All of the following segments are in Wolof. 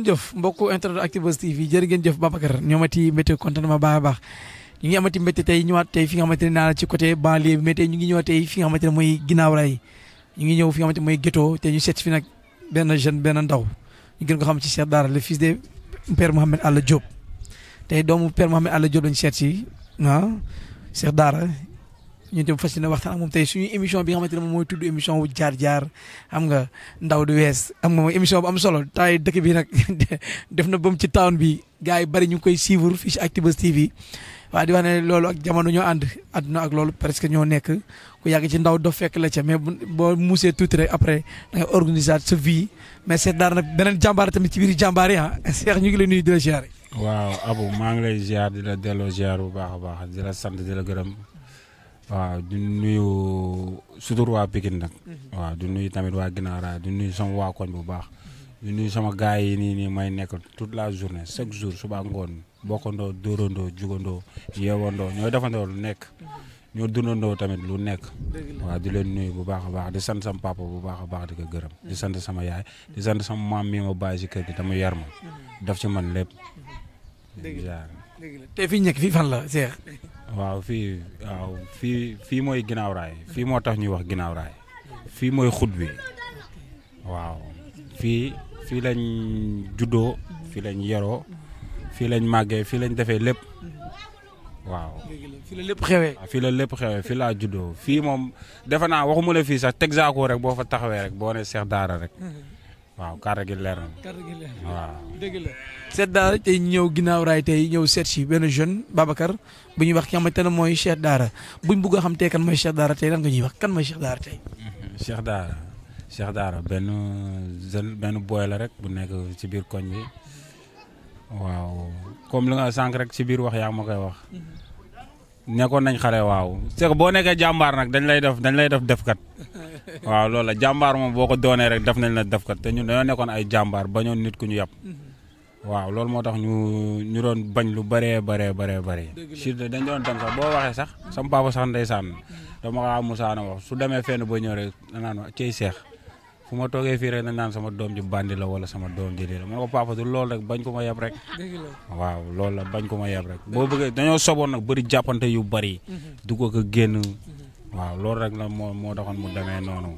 jëf mbokku internet Actubuzz TV jërë ngeen jëf Babacar ñu amati mbéte contentement baax a baax ñu ngi amati mbéte tey ñëwaat tey fi nga xamante ne naa ci côté banlieue bi mais tey ñu ngi ñëwaat tey fi nga xamante ne mooy ginnaaw ñu ngi ñëw fi nga xamante mooy ghetto te ñu seet fi nag benn jeune benn ndaw ñu gën ko xam ci Cheikh Daara le fils de père Mohamed Alla Diop tey doomu père Mohamed Alla Diop lañu seet si ah Cheikh Daara ñu dem fas yéene waxtaan ak moom tey suñu émission bi nga xamante ne moom mooy tudd émission wu jaar jaar xam nga ndaw du wees am nga émission bu am solo taay dëkk bi nag def na bam ci town bi gars yi bari ñu koy suivre fii ci Actubuzz TV waaw di wax ne loolu ak jamono ñoo ànd àdduna ak loolu presque ñoo nekk ku yàgg ci ndaw do fekk la ca mais boo muusee tuuti rek après da nga organiser sa vie mais seet daar nag beneen jàmbaar tamit ci biir jàmbaar yi ah Cheikh ñu ngi lay nuyu di la waaw maa ngi lay ziar di la delloo ziar bu baax baax di la sant waaw di nuyu sutur waa Pikine nag. Mhm. waaw di nuyu tamit waa ginaaraa di nuyu sama waa koñ bu baax. di nuyu sama gars yi nii nii may nekk toute la journée chaque jour suba ngoon bokkandoo dóorandoo jugandoo yeewandoo ñooy defandoo lu nekk. Mhm. ñoo dundandoo tamit lu nekk. waaw di leen nuyu bu baax a baax di sant sama papa bu baax a baax di ko gërëm. di sant sama yaay di sant sama maam mi ma bàyyi si kër gi tama yar ma. Mhm. daf ci man lépp. te fi ñu nekk fii fan la Cheikh. waaw fii waaw fii fii mooy ginnaaw fii moo tax ñuy wax ginnaaw fii mooy xut bi waaw fii fii lañ juddoo fii lañ yaroo fii lañ màggee fii lañ defee lépp waaw. fii la lépp xewee. fii la lépp fii laa juddoo fii moom defe naa waxuma la fii sax Texaco rek boo fa taxawee rek boo ne Cheikh Daara rek. waaw kar gi leer na. waaw. dëgg la seet daara tey ñëw ginnaaw raay tey ñëw seet si benn jeune Babacar bu ñuy wax ki nga mooy Cheikh Daara buñ bugg xam te kan mooy Cheikh Daara tey lan nga ñuy wax kan mooy Cheikh Daara tey. Cheikh Daara Cheikh Daara benn jeune benn boy la rek bu nekk ci biir koñ bi waaw comme li nga sànq rek ci biir wax yaa ma koy wax. Mm-hmm. nekkoon nañ xale waaw c'est boo nekkee jàmbaar nag dañ lay def dañ lay def defkat waaw loolu la jàmbaar moom boo ko doonee rek def nañ la defkat te ñu dañoo nekkoon ay jàmbaar bañoon nit ku ñu yàpp mm-hmm. waaw loolu moo tax ñu ñu doon bañ lu bëree bëree bëree bëri surtout dañ doon dem sax boo waxee sax sama papa sax ndeysaan mm-hmm. dama xaa ah, Moussa na wax su demee fenn ba ñëw rek danaan wax cey seex fu ma toogee fii rek na naan sama doom ji bandi la wala sama doom ji la ma ne ko papa du loolu rek bañ ko ma yab rek. waaw loolu la bañ ko ma yab rek. boo bëggee dañoo soboon nag bëri jàppante yu bari mhm. du ko génn. Mhm. waaw loolu rek la moo moo taxoon mu demee noonu.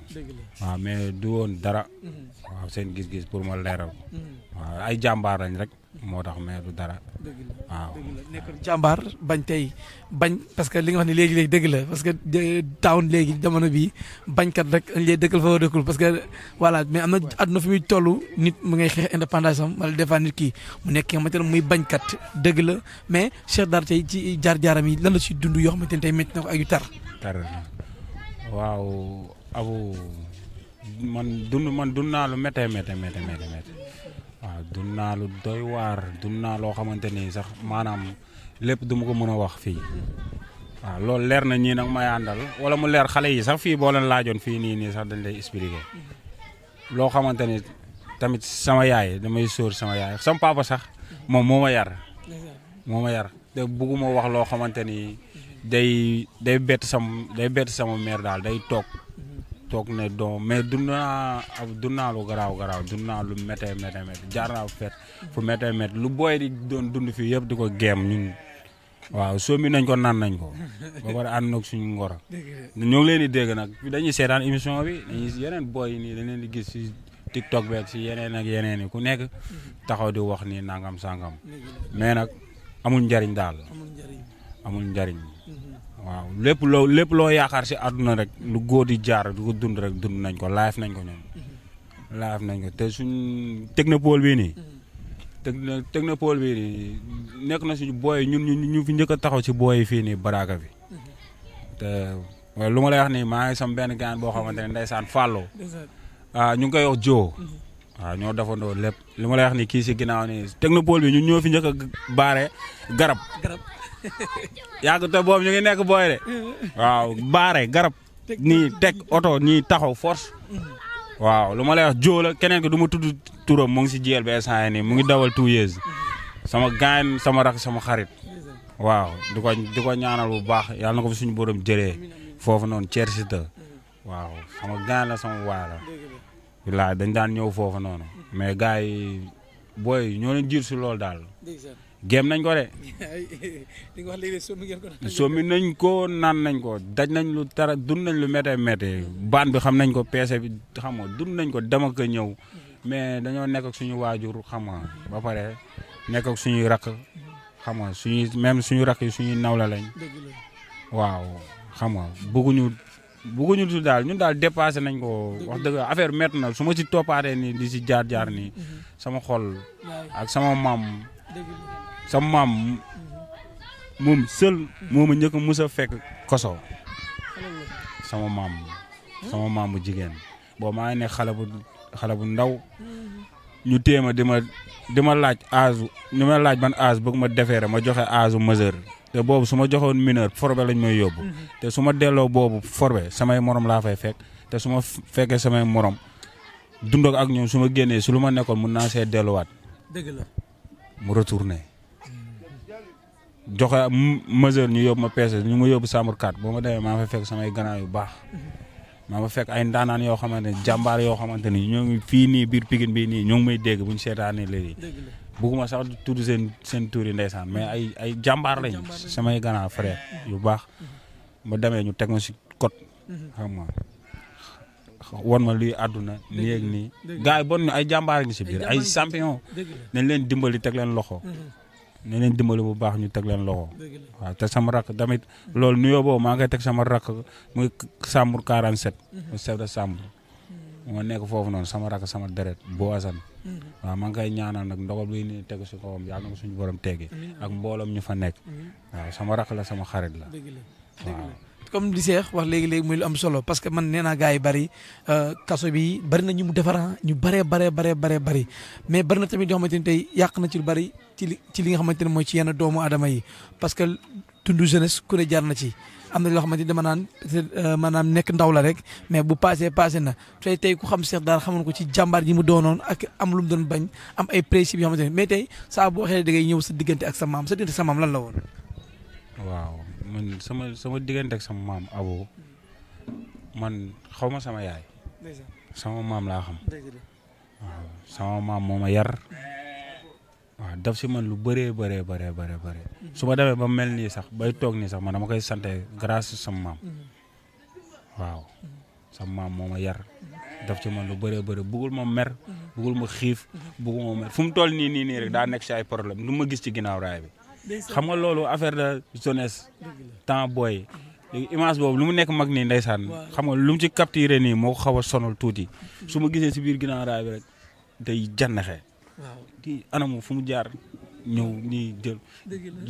waaw mais du woon dara. Mhm. waaw seen gis-gis pour ma leeral. waaw ay jàmbaar lañ rek moo tax mais du dara. dëgg waaw nekk jàmbaar bañ tey bañ parce que li nga xam ne léegi léegi dëgg la parce que town léegi jamono bii bañkat rek dañ lay dëkkal fa war parce que voilà mais am na àdduna muy toll nit mu ngay xeex indépendance am ki nga xamante ne muy bañkat dëgg la mais Cheikh Dar tey ci jaar-jaaram lan la ci dund yoo xamante ne métti na ko ak yu tar. tar waaw man dund man dund naa lu méttee méttee méttee dund naa lu doy waar dund naa loo xamante ni sax maanaam lépp du ma ko mën a wax fii waaw loolu leer na ñii nag may àndal wala mu leer xale yi sax fii boo leen laajoon fii niinii sax dañ lay expliquer loo xamante ni tamit sama yaay damay sóor sama yaay sama papa sax moom moo ma yar. moo ma yar te bugguma wax loo xamante ni day day bett sama day bett sama mère daal day toog toog ne mais dund naa dund naa lu garaaw garaaw dund naa lu méttee méttee méttee jaar naa fet fu méttee méttee lu booy di doon dund fii yëpp di ko géem ñun waaw sóomi nañ ko naan nañ ko ba pare ànd nag suñu ngoro ñoo ngi leen di dégg nag dañuy seetaan émission bi dañuy yeneen booy yi nii dañ leen di gis si TikTok beeg si yeneen ak yeneen yi ku nekk taxaw di wax nii nangam sangam mais nag amul njariñ daal. amul njariñ mhm. waaw lépp loo lépp loo yaakaar si àdduna rek lu góor di jaar du dund rek dund nañ ko live nañ ko ñoom mhm. live nañ ko te suñ technopole bii nii mhm. technopole bii nii nekk na suñu booy ñun ñu fi njëkk a taxaw si booy fii nii baraaka bi te lu ma lay wax nii maa sam benn gaan boo xamante ne ndeysaan fàlloo ah ñu ngi koy wax joo waaw ah, ñoo defandoo lépp lu ma lay wax ni kii si ginnaaw nii technopole bi ñun ñoo fi njëkk a baare garab yàgg te boobu ñu ngi nekk booy de. waaw baare garab. nii teg oto nii taxaw fors mm-hmm. waaw lu ma lay wax jóola keneen ki du ma tudd turam mu ngi si jiyal ba instant mu ngi dawal two years mm-hmm. sama gaan sama rak sama xarit. waaw di ko ñaanal bu baax yàlla na ko fi suñu borom jëlee foofu noonu Thièrsita mm-hmm. waaw sama gaan la sama waa la. dañ daan ñëw foofu noonu. mais gars yi ñoo leen jiir si loolu daal. géem nañ ko de. li nañ ko naan nañ ko daj nañ lu tara dund nañ lu méttee méttee baan bi xam nañ ko peese bi xam nga dund nañ ko dem ak ñëw mais dañoo nekk suñu waajur xam nga ba pare nekk ak suñuy rakk xam nga même suñu rakk yi suñuy nawla lañ. waaw xam nga bëgguñu bëgguñu tu daal ñun daal dépassé nañ ko. wax dëgg affaire métti na su ma si toppaatee nii di si jaar jaar ni sama xol ak sama maam. sama maam moom sël moom a njëkk a mus a fekk koso sama maam sama maam bu jigéen boo ma ngi ne xale bu xale bu ndaw ñu téema di ma di laaj âge ñu ma laaj man âge bëgg ma defeere ma joxe âge majeur te boobu su ma joxoon mineur forbe lañ may yóbbu te su ma delloo boobu forbe samay moroom laa fay fekk te su ma fekkee samay moroom dund ak ñoom su ma génnee su lu ma nekkoon mun naa see delluwaat dëgg la mu retourné joxe mesure ñu yóbbu ma peese ñu ma yóbbu chambre 4 boo ma demee maa fa fekk samay ganaar yu baax maa fa fekk ay ndaanaan yoo xamante ne jàmbaar yoo xamante ni ñoo ngi fii nii biir Pikine bii nii ñoo ngi may dégg ñu seetaanee léegi bugguma sax di tudd seen seen tuur yi ndeysaan ay ay jàmbaar lañ samay ganaar frère yu baax ma demee ñu teg ma si code mhm. xam ma luy àdduna nii ak nii gars yi bon ñu ay jàmbaar ngi si biir ay champion nañ leen dimbali teg leen loxo mhm. ne leen dimbali bu baax ñu teg loxo. waaw te sama rakk tamit loolu nuyoo boobu maa ngi koy teg sama rakk muy Sambour 47. Mhm. mu chef de Sambour. moo nekk foofu noonu sama rakk sama deret boo asan mhm. waaw maa ngi koy ñaanal nag ndogal bi ni tegu si kawam yàlla na ko suñu borom teggi ak mbooloom ñu fa nekk. Mhm. waaw sama rakk la sama xarit la. waaw comme di seex wax léegi-léegi muy lu am solo parce que man nee naa yi bëri euh, kaso bi bëri na ñu mu defar ah, ñu bëree baree baree baree bëri mais bëri na tamit yoo xamante ni tey yàq ci li ci li nga xamante ne mooy ci yenn doomu aadama yi parce que tundu jeunesse ku ne jar na ci am na loo xamante ni dama naan euh, maanaam nekk ndaw la rek mais bu passé passé na tey tey ku xam Cheikh Daara xamoon ko ci jàmbaar ji mu doonoon ak am lum mu doon bañ am ay principe yoo mais tey saa boo waxee da ngay ñëw sa diggante ak sa maam sa diggante ak sa maam lan la woon. waaw man sama sama diggante ak sama maam xaw ma sama yaay. sama maam laa xam. waaw sama maam moo ma yar. Eh. waaw daf si man lu bëree bëree bëree bëree bëri mhm. su ma demee ba mel nii sax bay toog nii sax man dama koy sante grâce sama maam mhm. waaw mhm. sama maam moo ma yar daf ci man lu bëree bëri bëggul ma mer bëggul ma xiif bëggul ma mer fu mu toll nii nii nii rek daa nekk si ay problème lu ma gis ci ginnaaw raay bi xam nga loolu affaire de jeunesse temps booy image boobu lu mu nekk mag nii ndeysaan xam nga lu mu ci capturé nii moo ko xaw a sonal tuuti su ma gisee si biir ginnaaw raay bi kii anamu fu mu jaar ñëw nii jël.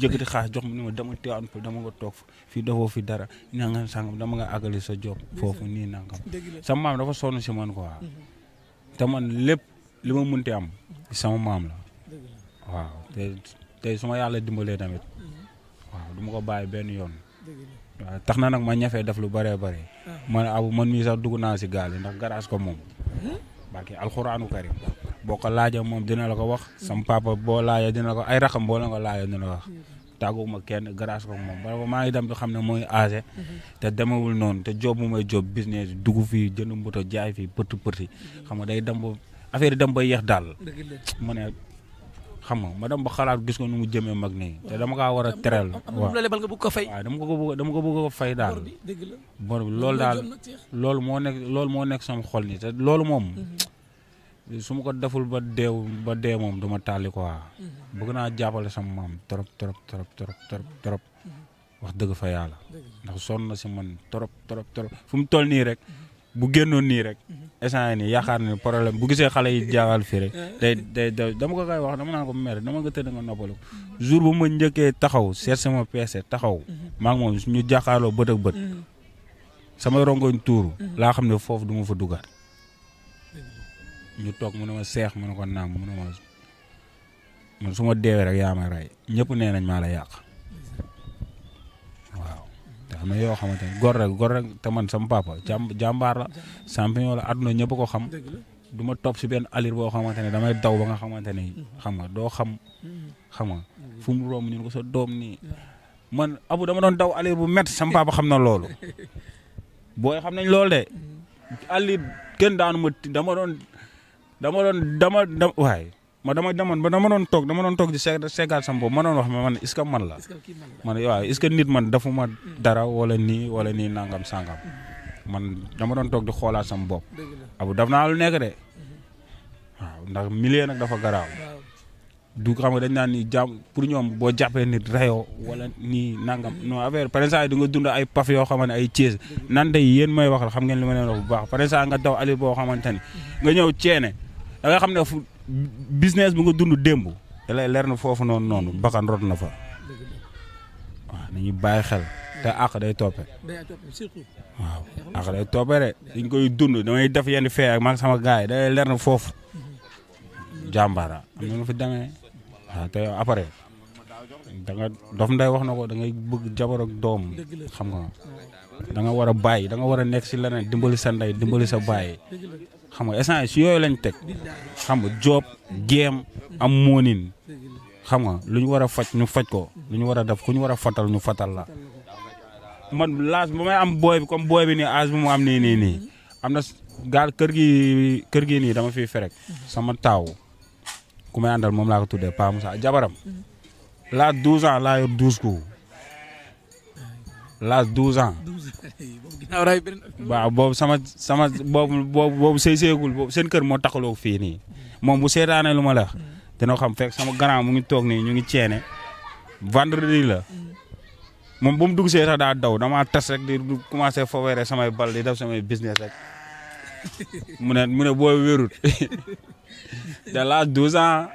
yëkkati xaas jox ma ni ma dama Tivaouane Peulh dama nga toog fii defoo fi dara ña nga sàngam dama nga àggali sa job foofu nii nangam. sama maam dafa sonn si man quoi. Mhm. te man lépp li ma mënti am. Mhm. sama maam la. waaw te tey yàlla dimbalee tamit. Mhm. waaw duma ko bàyyi benn yoon. waaw tax na nag ma ñafee def lu bëree bëri. Ah. man abu man mii sax dugg naa si gaal ndax garaas ko moom. barke alxuraanu karim boo ko laaja moom dina la ko wax sama papa boo laajee dina la ko ay raxam boo la ko laajee dina la wax tàgguma kenn grâce ko moom parce maa ngi dem di xam ne mooy âgé te demewul noonu te job mu may job business dugg fii jënd moto jaay fii pëtt pëtt xam nga day dam ba affaire dam ba yéex daal mu ne xam nga ma dem ba xalaat gis ko nu mu jëmee mag nii te dama ka war a tereel waaw waaw dama ko bëgg dama ko bëgg ko fay daal bor bi loolu loolu moo nekk loolu moo nekk sama xol nii te loolu moom mhm. su ma ko deful ba deew ba dee moom duma ko quoi mhm. bëgg naa jàppale sama maam trop trop trop trop trop trop mhm. wax dëgg fa yàlla ndax son na si man trop trop trop fu mu toll nii rek mhm. bu génnoon nii rek instant nii yaakaar ne problème bu gisee xale yi jaaxal fii rek day day dama ko koy wax dama naa ko mu mer dama nga tëdd nga noppalu jour bu ma njëkkee taxaw seet sama PC taxaw maa ngi moom ñu jàkkaarloo bët ak sama samay rongoñ tuuru laa xam ne foofu duma fa dugaat ñu toog mu ne ma seex mu ne ko naam mu ma man su ma deewee rek yaa may ñëpp nee nañ maa la yàq waaw te yoo xamante ne gor rek gor rek te man sama papa jàmb jàmbaar la champion la àdduna ñëpp ko xam du ma topp si benn alir boo xamante ne damay daw ba nga xamante ne xam nga doo xam xam nga fu mu romb man abu dama doon daw alir bu métti sama xam na loolu booy xam nañ loolu de mm-hmm. alir kenn daanu ma doon dama doon dama da waay ma dama demoon ba dama doon toog dama doon toog di seegaat sama bopp ma doon wax ma man est-ce que man la man waaw est nit man dafu ma mm. dara wala ni wala nii nangam sangam mm. man dama doon toog di xoolaat sama bopp abu daf naa lu nekk de mm-hmm. waaw ndax milieu nag dafa garaaw du xam nga dañ naan ni jàmm pour ñoom boo jàppee nit rayoo wala nii nangam mm-hmm. non affaire par exemple di nga dund ay paf yoo xamante ne ay Thiès nan tey yéen may waxal xam ngeen li ma leen wax bu baax par exemple nga daw ali boo xamante ni nga ñëw ceene da xam ne fu business bu nga dund démb da leer na foofu noonu noonu mm. bakkan rot na fa waaw nañu bàyyi xel te àq day toppe waaw àq koy dund damay def yenn fee ak maag sama gars yi da leer na foofu mm-hmm. jàmbaara am na lu fi demee waaw wax na ko da ngay bëgg jabar xam nga da war a bàyyi da nga war a nekk si leneen dimbali sa ndey dimbali sa baay xam nga essence si yooyu lañ teg xam nga joob jéem am moonin xam nga lu ñu war a faj ñu faj ko lu ñu war a def ku ñu war a fatal ñu fatal la man laas ba may am booy bi comme booy bi nii âge mu am nii nii nii am na gaal kër gi kër gi nii dama fi ferek sama taaw ku may àndal moom laa ko tuddee Pa saa jabaram mm-hmm. laa 12 ans laa yor 12 coups l'âge douze ans. waaw boobu sama sama boobu boobu boobu sëy sëyagul boobu seen kër moo taxaloo fii nii moom bu seetaanee lu ma la dina xam fek sama grand mu ngi toog nii ñu ngi ceene vendredi la moom bu mu dugg see sax daa daw damaa tas rek di commencé foweere samay bal di def samay business rek mu ne mu ne te la douze ans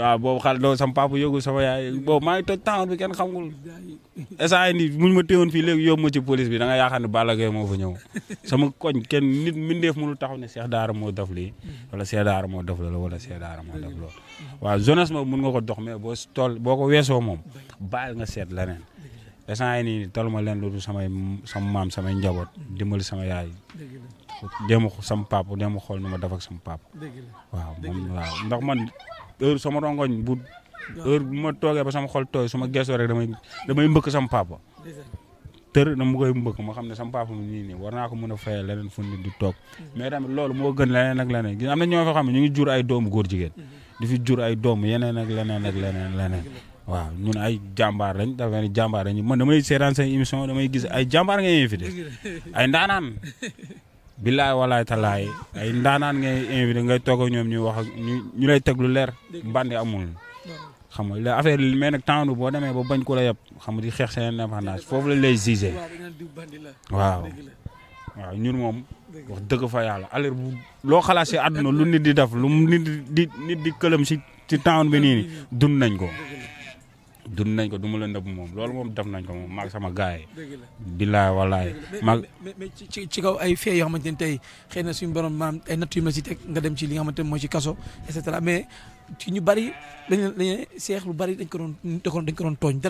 a boobu xale doo sama papa yëgul sama yaay yëgul boobu maa ngi toj temps bi kenn xamul instant ni muñ ma téewoon fii léegi yóbbu ma ci police bi da nga yaakaar ne Balla Gaye moo fa ñëw sama koñ kenn nit mbindeef mënul taxaw ne Cheikh Daara moo def lii wala Cheikh Daara moo def loolu wala Cheikh Daara moo def loolu waaw jeunesse moom nga ko dox mais boo tool boo ko weesoo moom bàyyi nga seet leneen ni nii taluma leen loolu samay sama maam samay njaboot dimbali sama yaay dem sama papa dem xool nu ma def ak sama papa. waaw moom waaw ndax man heure sama rongoñ bu heure bu ma toogee ba sama xol tooy sama ma gëstoo rek damay damay mbëkk sama papa. tër na mu koy mbëkk ma xam ne sama papa mi nii nii war naa ko mën a fayal leneen fu di toog mais tamit loolu moo gën leneen ak leneen gis am na ñoo fa xam ne ñu ngi jur ay doomu góor jigéen di fi jur ay doomu yeneen ak leneen ak leneen leneen waaw ñun ay jàmbaar lañ dafa ne jàmbaar lañ man damay seetaan seen émission damay gis ay jàmbaar ngay invité ay ndaanaan billaay walaay talaay ay ndaanaan ngay invité ngay toog ñoom ñuy wax ak ñu ñu lay teg lu leer bandi amul. xam nga la affaire li mais nag temps boo demee ba bañ ko la yab xam nga di xeex seen indépendance foofu lay gisee waaw. waaw ñun moom wax dëgg fa yàlla alors bu loo xalaat si àdduna lu nit di def lu nit di nit di këlam si si temps bi nii dund nañ ko. dund nañ ko du ma la nëbb moom loolu moom def nañ ko moom maag sama gaay la bilaay walaay. maag mais ci ci kaw ay fee yoo xamante ne tey xëy na suñu borom maanaam ay natt yu ma si te nga dem ci li nga xamante ne moo ci kaso et cetera mais ci ñu bari dañu dañu seex lu bari dañ ko doon dañ ko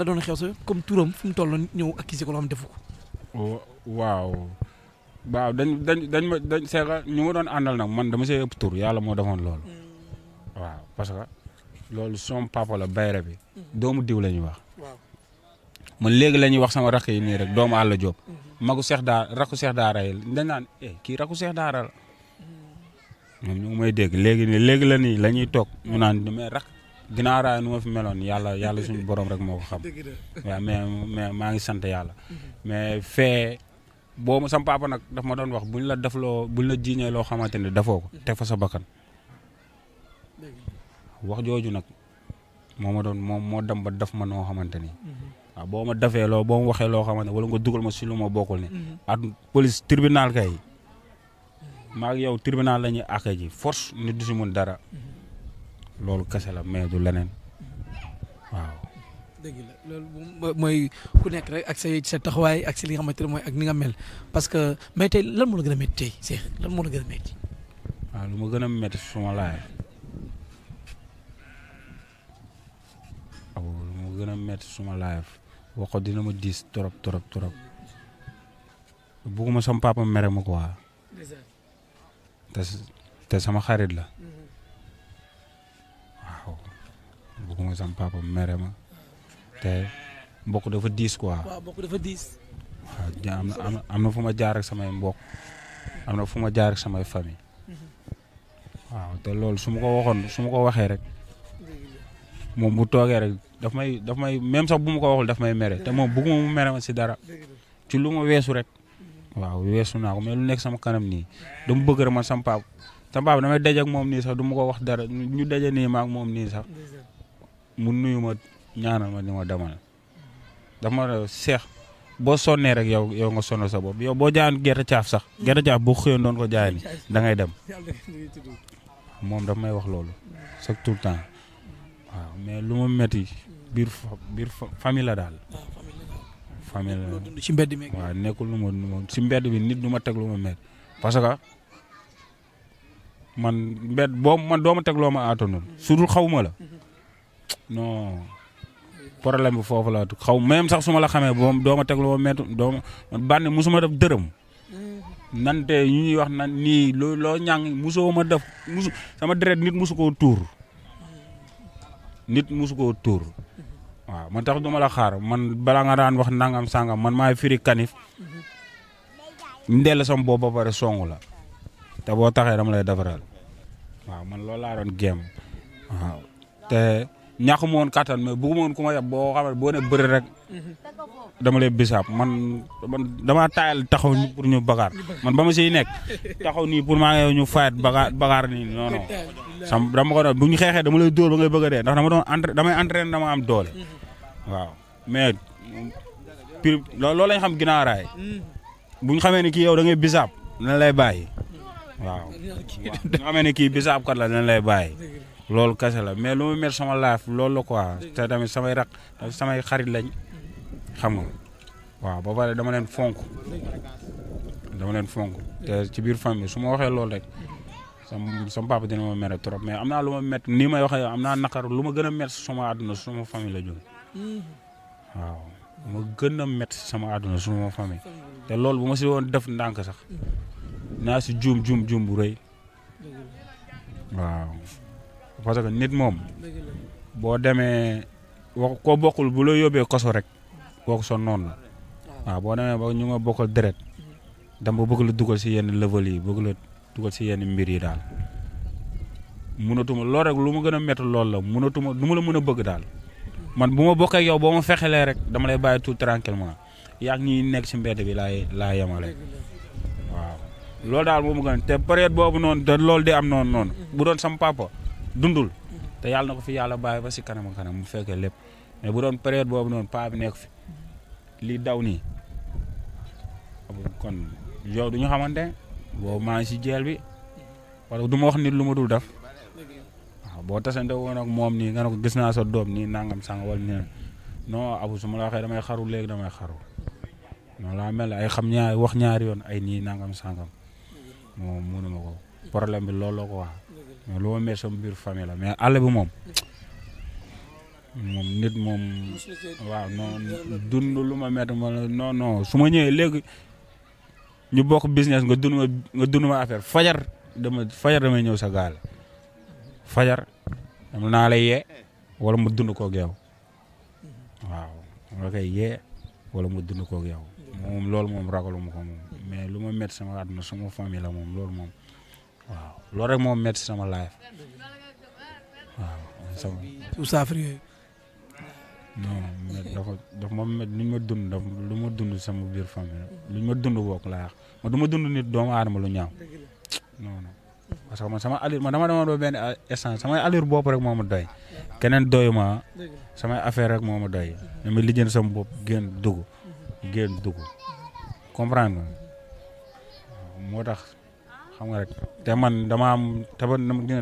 doon xew sa comme turam fu mu tolloon ñëw accusé ko loo xam defu ko. waaw. waaw dañ dañ dañ ma dañ seex ñu ma doon àndal nag man dama see ëpp tur yàlla moo defoon loolu. Mm. waaw parce que. loolu soom papa la bayra bi mhm. doomu diw lañuy wax man léegi la ñuy wax sama rakk yi nii rek doomu àll Diop mhm. magu seex daara rakku seex daara yi dañ naan eh, kii rakku seex daaral la mhm. ñoom ñu ngi may dégg léegi nii léegi la nii la ñuy toog ñu naan mais rak ginnaaw raay nu ma fi meloon yàlla yàlla suñu borom rek moo ko xam waaw mais mais maa ngi sant yàlla mais fee boo sama papa nag daf ma doon wax buñ la def loo buñ la jiiñee loo xamante ne dafoo ko teg fa sa bakkan wax jooju nag moo ma doon moom moo dem ba daf ma noo xamante ni. Mhm. boo ma dafee loo boo ma waxee loo xamante wala nga dugal ma si lu ma bokkul ne. Mhm. at police tribunal kay. maa ngi yow tribunal la a ji force nit du si mun dara. Mhm. loolu kese la mais du leneen waaw. la loolu mooy ku nekk rek ak say sa taxawaay ak si li nga xamante ne mooy ak ni nga mel parce que mais tey lan moo la gën a métti tey Cheikh moo la gën a métti. lu ma gën a métti suma laay gën a metti suma live wax dina ma diis trop trop trop bugguma sama papa mere ma quoi te te sama xarit la mm-hmm. waaw bugguma sama papa mere ma te bokk dafa diis quoi. waaw mbokk am na fu ma jaar ak samay mbokk am na fu ma jaar ak samay famille mm-hmm. waaw te loolu su ko waxoon su ko waxee rek. moom bu toogee rek daf may daf may même sax bu ma ko waxul daf may mere te moom bëgguma mu mere ma si dara ci lu ma weesu rek waaw weesu naa ko mais lu nekk sama kanam nii dama bëgg rek man sama paap sama paap damay nii sax du ma ko wax dara ñu daje nii ma moom nii sax mu nuyu ma ñaanal ma ni ma demal daf ma seex boo sonnee rek yow yow nga sonal sa bopp yow boo jaayoon gerte caaf sax gerte caaf boo xëyoon doon ko jaay ni da ngay dem moom daf may wax loolu chaque tout le temps. waaw mais lu ma metti biir biir ah, famille la daal. famille la dund mbedd mi. waaw nekkul lu ma si mbedd bi nit du ma teg lu ma metti parce que man mbedd boo man doo ma teg loo ma aatanul mm-hmm. surtout xaw ma la mm-hmm. non problème bi foofu la xaw même sax su ma la xamee boo doo ma teg loo ma metti doo ma man bànn def dërëm. Mm-hmm. nante ñu ñuy wax nan nii loo loo ñàng ma def musu sama deret nit musu koo tuur. nit musu koo tuur waaw man tax duma la xaar man balaa nga daan wax nangam sangam man maa firi kanif ndell la boobu ba pare songu la te boo taxee dama lay defaral waaw man loolu laa doon géem waaw te ñàkk ma woon kattan mais bëgguma woon ku ma yab boo xam ne boo ne bëri rek dama lay bisaab man man damaa taayal taxaw nii pour ñu bagaar man ba ma siy nekk taxaw nii pour ma ngi ñu fayat bagaar bagaar nii non non. sam dama ko doon bu ñu xeexee dama lay dóor ba ngay bëgg dee ndax dama doon entra damay entraîné dama am doole. waaw mais pire loolu lañ xam ginnaaw bu ñu xamee ne kii yow da ngay bisaab dina lay bàyyi. waaw nga xamee ne kii bisaab kat la dina lay bàyyi. loolu kese la mais lu mu mel sama laaf loolu la ko te tamit samay raq samay xarit lañ. xam nga waaw ba pare dama leen fonk dama leen fonk te ci biir famille su ma waxee loolu rek sam sama papa dina ma mere mais am naa lu ma met nii may waxee am naa naqar lu ma gën a met sama àdduna suma famille la jóge waaw gën a met sama àdduna suma famille te loolu bu ma si woon def ndànk sax naa si juum juum juum bu rëy waaw que nit moom boo demee wax koo bokkul bu loo yobee koso rek kooku son noonu la ah. waaw boo demee ba ñu nga bokkal deret mm-hmm. dama bëgg la dugal si yenn level yi bëgg la dugal si yenn mbir yi daal munatuma loolu rek lu mu gën a métti lool la munatuma lu ma la mën a bëgg daal mm-hmm. man bu ma bokkee yow boo ma fexelee rek dama lay bàyyi tout tranquillement yaa ngi nekk si mbedd bi laa laa yemale waaw loolu daal moo ma gën te période boobu noonu te loolu de am noon noonu mm-hmm. bu doon sama papa dundul te yàlla na ko fi yàlla bàyyi ba si kanam kanam mu fekkee lépp mais bu doon période boobu noonu paa bi nekk fi lii daw nii kon yow du ñu xamante boobu maa si jeel bi parce du ma wax nit lu ma dul def waaw boo tasante woon ak moom nii nga ne ko gis naa sa doom nii nangam sang wala nii non abu su ma la waxee damay xaru léegi damay xaru noonu laa mel ay xam ñaari wax ñaari yoon ay nii nangam sangam moom mënu ko problème bi loolu ko wax mais lu ma mel biir famille la mais àll bi moom. moom nit moom waaw non dund lu ma métti ma non su ma ñëwee léegi ñu bokk business nga dund ma affaire fajar dama fajar damay ñëw sa gaal fajar dama naa la yee wala mu dund koog yow waaw nga koy yee wala mu dund koog yow moom loolu moom ragaluma ko moom mais lu ma métti sama àdduna suma famille la moom loolu moom waaw loolu moom métti sama life waaw. non mais ma met lu ma dund dafa lu ma dund sama biir famille lu ma dund bokk laa wax ma du dund nit doomu aadama lu ñaaw non non que man sama allure ma dama demoon ba benn essence samay allure bopp rek moo ma doy keneen doyu ma samay affaire rek moo ma doy ma lijjën sama bopp génn dugg mhm. génn dugg comprendre moo tax xam nga rek te man dama am te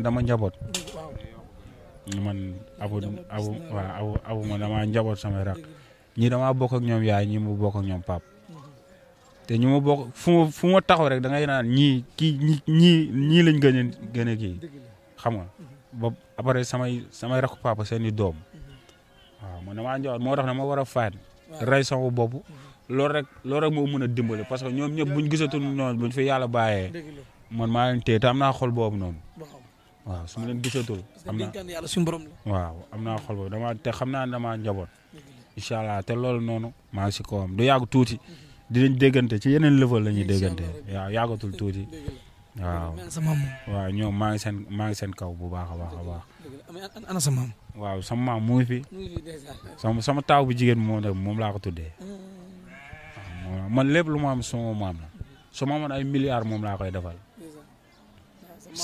dama njaboot man abu abu waaw abu abu ma damaa njaboot samay raq ñii damaa bokk ak ñoom yaay ñii mu bokk ñoom pap mhm. te ñu ma bokk fu ma ma taxaw rek da ngay naan ñii kii ñii ñii lañ gën a gën a kii xam nga mhm. ba après samay samay rakku papa seen i doom mhm. waaw man damaa njaboot moo tax na ma war a faat rey sama bopp loolu rek loolu rek moo mën a dimbali parce que ñoom ñëpp buñ gisatul noonu buñ fi yàlla bàyyee man maa leen téye naa xol boobu noonu waaw su leen gisatul. am naa yàlla waaw am naa xol boobu te xam naa ne damaa njaboot. incha allah te loolu noonu. maa ngi si kawam du yàgg tuuti. dinañ déggante ci yeneen level la ñuy déggante. waaw yàggatul tuuti. waaw waaw ñoom maa ngi seen seen kaw bu baax a baax a waaw sama maam mu fi. sama sama taaw bu jigéen moo moom laa ko tuddee. Ah. man lépp lu ma am sama maam la. su ma amoon ay milliards moom laa koy defal.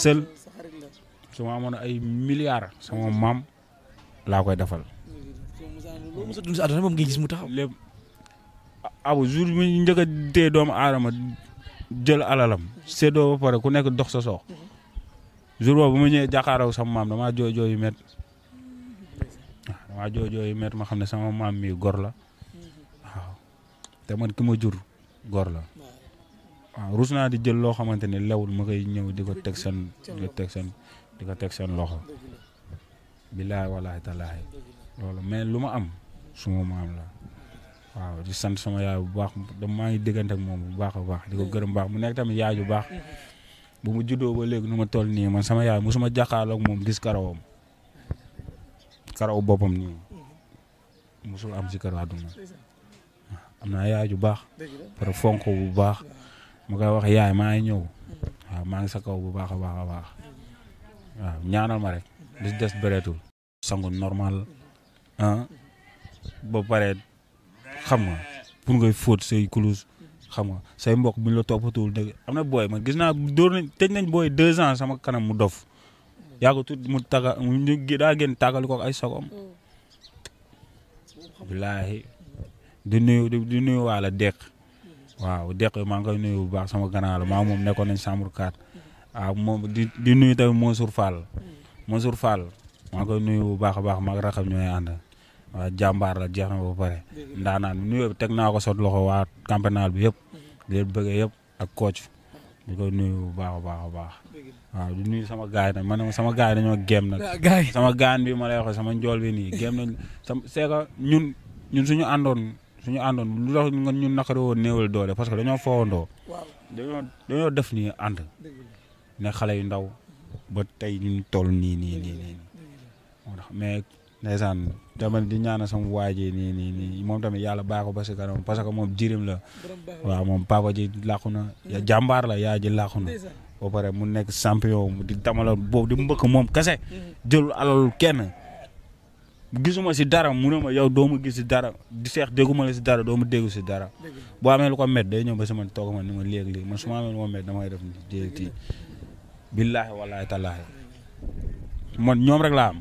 sel su ma ay milliards sama maam laa koy defal. mu taxaw. lépp abu jour bi ñu njëkk a dee doomu jël alalam séddoo ba pare ku nekk dox sa soox jour boobu bu ma ñëwee jàkkaaroo sama maam damaa jooy jooy met ma xam ne sama maam mi gor la waaw te man ki ma jur gor la. waaw rus naa di jël loo xamante ne lewul ma koy ñëw di ko teg seen di ko teg seen di ko teg seen loxo billaay walaay talaay loolu mais lu ma am suma maam la waaw di sant sama yaay bu baax da maa ngi déggante moom bu baax a baax di ko gërëm baax mu nekk tamit yaay bu baax bu mu juddoo ba léegi nu ma toll nii man sama yaay mosuma jàkkaarloo ak moom gis karaw boppam nii mosul am si karaw àdduna am naa yaay bu baax par fonk bu baax mu koy wax yaay maa ngi ñëw maa ngi sa kaw bu baax a baax a baax waaw ñaanal ma li des bëreetul sangu normal ah pare xam nga pour ngay fóot sey kulus xam nga say mbokk bu ñu la toppatul dëgg am na booy ma gis naa dóor nañ tëj nañ booy deux ans sama kanam mu dof yaa ko tudd mu tàgga mu daa génn tàggal ko ay sogom billaahi di nuyu di nuyoo waala deq waaw deq maa ngi koy nuyu bu baax sama ganaar la maa moom nekkoon nañ chambre kaat waaw moom di di nuyu tamit Mansour Fall. Hmm. Mansour Fall maa koy nuyu bu baax a baax mag raxam ñooy ànd waaw jàmbaar la jeex na ba pare. ndaanaan nuyu teg naa ko sot loxo waa campagnat bi yëpp. Hmm. di leen bëggee yëpp ak coach. ñu koy nuyu bu baax a baax a baax. waaw di nuyu sama gaay nag ma ne sama gaay dañoo géem nag. Ah, sama gaan bi ma lay waxee sama njool bi nii géem nañ sama c'est que ñun ñun suñu àndoon suñu àndoon lu tax ñun naqari woon néewal doole parce que dañoo foowandoo. dañoo dañoo def nii ànd. nekk xale yu ndaw ba tey ñu toll nii nii nii nii moo tax mais ndeysaan tamit di ñaanal waa ji nii nii nii moom tamit yàlla baax ba si kanam parce que moom jirim la waaw moom papa ji làqu na ya jàmbaar la yaa ji làqu na ba pare mu nekk champion mu di damala boobu di mbëkk moom kese jëlul alalul kenn gisuma si dara mu ne ma yow doo ma gis si dara di seex dégguma la si dara doo ma déggu si dara boo amee lu ko met day ñëw ba sama toog ma ni ma léeg-léeg man su ma amee lu ko met damay def direct billaahi wallaahi tallaahi man ñoom rek laa am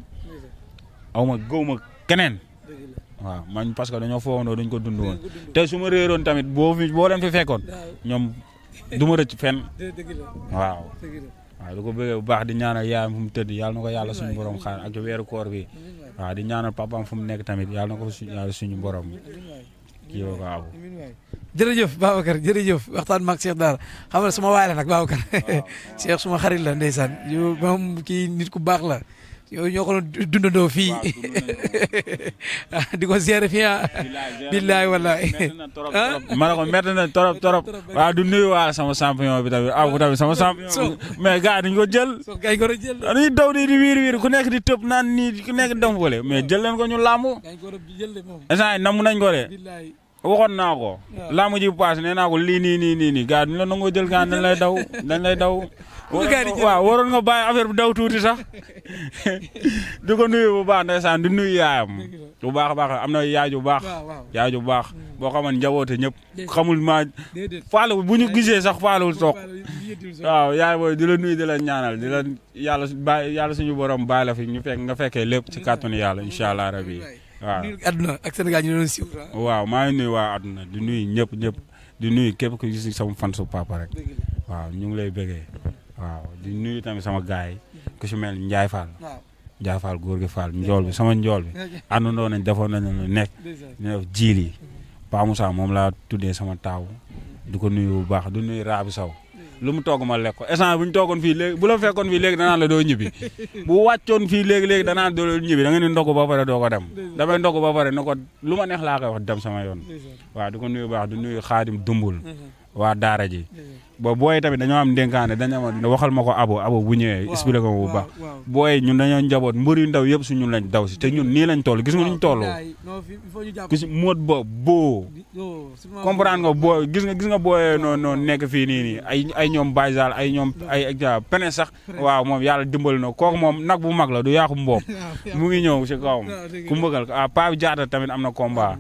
aw ma gëw ma keneen waaw man parce que dañoo foogandoo dañ ko dund woon te su ma réeroon tamit boo fi boo leen fi fekkoon ñoom du ma rëcc fen waaw. waaw du ko bëggee bu baax di ñaanal yaayam fu mu tëdd yàlla na ko yàlla suñu borom xaar ak weeru koor bi waaw di ñaanal papaam fu mu nekk tamit yàlla na ko yàlla suñu borom kii woo ko aw jërëjëf Babacar jërëjëf waxtaan maag Daara xam nga suma waay la nag Babacar Cheikh suma xarit la ndeysaan moom kii nit ku baax la yooyu ñoo ko doon dundandoo fii ah, di ko gérer fii ah. billaay wallaay. Ah? ma ne ko métti na trop trop waaw du nuyu waa sama champion bi tamit aw tamit sama champion. mais gars dañu ko jël. gars yi ko doon jël di wiir wiir ku nekk di tëb naan nii ku nekk di dem fële mais jël leen ko ñu làmb. instant yii namm nañ ko de. waxoon naa ko. laamu ji paase nee naa ko lii nii nii nii nii gars yi la nangoo jël gars dañ lay daw dañ lay daw. waaw waroon nga bàyyi affaire bi daw tuuti sax di ko bu baax ndeysaan di nuyu yaayam bu baax a baax am na yaay ju baax yaay ju baax mm. boo xaman njaboote ñëpp xamul maa faalu bu ñu gisee sax faalu toog waaw yaay booy di la nuyu di la ñaanal di la yàlla bàyyi yàlla suñu borom bàyyi la fi ñu fekk nga fekkee lépp ci kàttanu yàlla incha allah rabi waaw waaw maa ngi waa àdduna di nuyu ñëpp ñëpp di nuy képp ku gis sama fan su papa rek waaw ñu ngi lay bëggee waaw di nuyu tamit sama gaay ku si mel Ndiaye Fall. Ndiaye góor gi Fall njool bi sama njool bi àndandoo nañ defoon nañ lu nekk ñu def jiil yi Pa Moussa moom laa tuddee sama taaw di ko nuyu bu baax du nuyu Rabi saw lu mu togg ma lekk ko bu ñu toogoon fii léegi bu la fekkoon fii léegi danaan la doo ñibbi bu wàccoon fii léegi léegi danaan doo ñibbi da nga ni ndogu ba pare doo ko dem damay ndogu ba pare ne ko lu ma neex laa koy wax dem sama yoon waaw di ko nuyu baax di nuyu xaadim dumbul waa daara ji ba booy tamit dañoo am dénkaane dañoo am waxal ma ko abo abo bu ñëwee expliqué ko bu baax booy ñun dañoo jaboot mbër yu ndaw yëpp su ñun lañ daw si te ñun nii lañ tool gis nga ñu toll gis moot ba boo comprendre nga boo gis nga gis nga booyee noonu noonu nekk fii nii nii ay ay ñoom baysal ay ñoom ay pene sax waaw moom yàlla dimbali na kooku moom nag bu mag la du yaaku mboom mu ngi ñëw si kawam ku mbëggal ah Pape Diatta tamit am na combat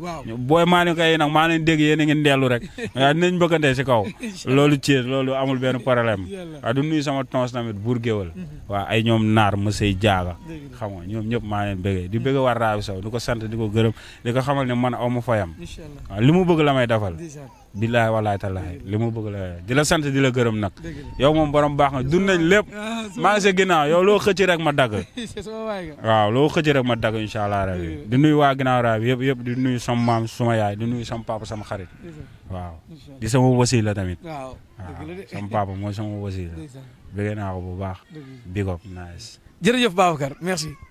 booy maa leen koy nag maa leen dégg yéen a ngeen dellu rek si kaw loolu ci loolu amul benn problème waaw du nuyu sama tons tamit buur géwal mhm. waa ay ñoom naar mësay jaaga xam nga ñoom ñëpp maa leen di bëgg war raabi saw di ko sant di ko gërëm di ko xamal ne man aw ma fayam waaw li mu bëgg la may defal billaay walaay talaay li ma bëgg la di la sant di la gërëm nag yow moom borom baax nga dund nañ lépp ah, maa ngi sa ginnaaw yow loo xëcc rek ma dagg waaw loo xëcc rek ma dagg incha allah rabi di nuyu waa ginnaaw rabi yëpp yëpp di nuyu sama maam suma yaay di nuyu sama papa sama xarit waaw di sama wasila tamit waaw sama papa mooy sama wasila bëgg naa ko bu baax big up nice jërëjëf Babacar merci